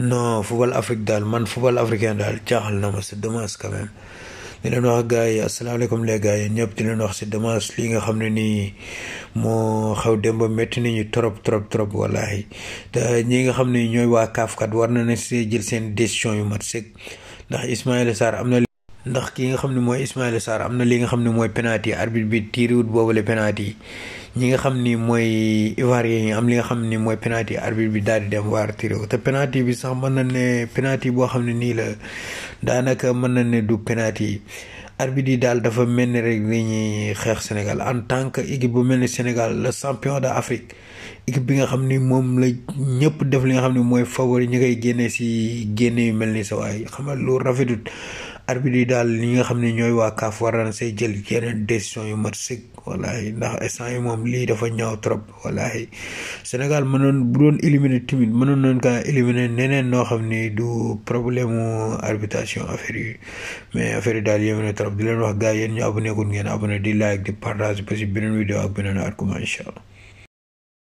non football Afrique daal man football africain daal jaaxal na ma c'est dommage quand même di leen wax gars yi asalaamaaleykum les ñëpp di leen wax si dommage lii nga xam ne nii moo xaw démb métti nañu trop trop trop wallaahi te ñi nga xam ne ñooy waa kaafkat war na ne si jël seen décision yu mat sëg ndax Ismaïla Sarr am na ndax ki nga xam ne mooy Ismaïla Sarr am na li nga xam ne mooy penalty arbitre bi tiiriwut boobule penalty ñi nga xam ni mooy Ivoirien yi am li nga xam ni mooy penalty arbitre bi daal di waar tiiriw te penalty bi sax mën na ne penalty boo xam ne nii la daanaka mën na ne du penalty arbitre yi daal dafa mel ni rek dañuy xeex Sénégal en tant que équipe bu mel ni Sénégal le champion afrique équipe bi nga xam ni moom la ñëpp def li nga xam ni mooy favori ñu koy génne si génne yu mel ni sa waay xam nga lu rafetut arbitre yi daal li nga xam ne ñooy waa CAF war nañ see jël yeneen décision yu mat sëg wallaahi ndax instant yi moom lii dafa ñaaw trop wallaahi Sénégal mënoon bu doon éliminer timide mënoon nañ kaa éliminer neneen noo xam ne du problème mu arbitration affaire yi mais affaire yi daal yéeme na trop di leen wax gars yéen ñu abonné ko ngeen abonné di like di partage ba si beneen vidéo ak beneen argument incha allah.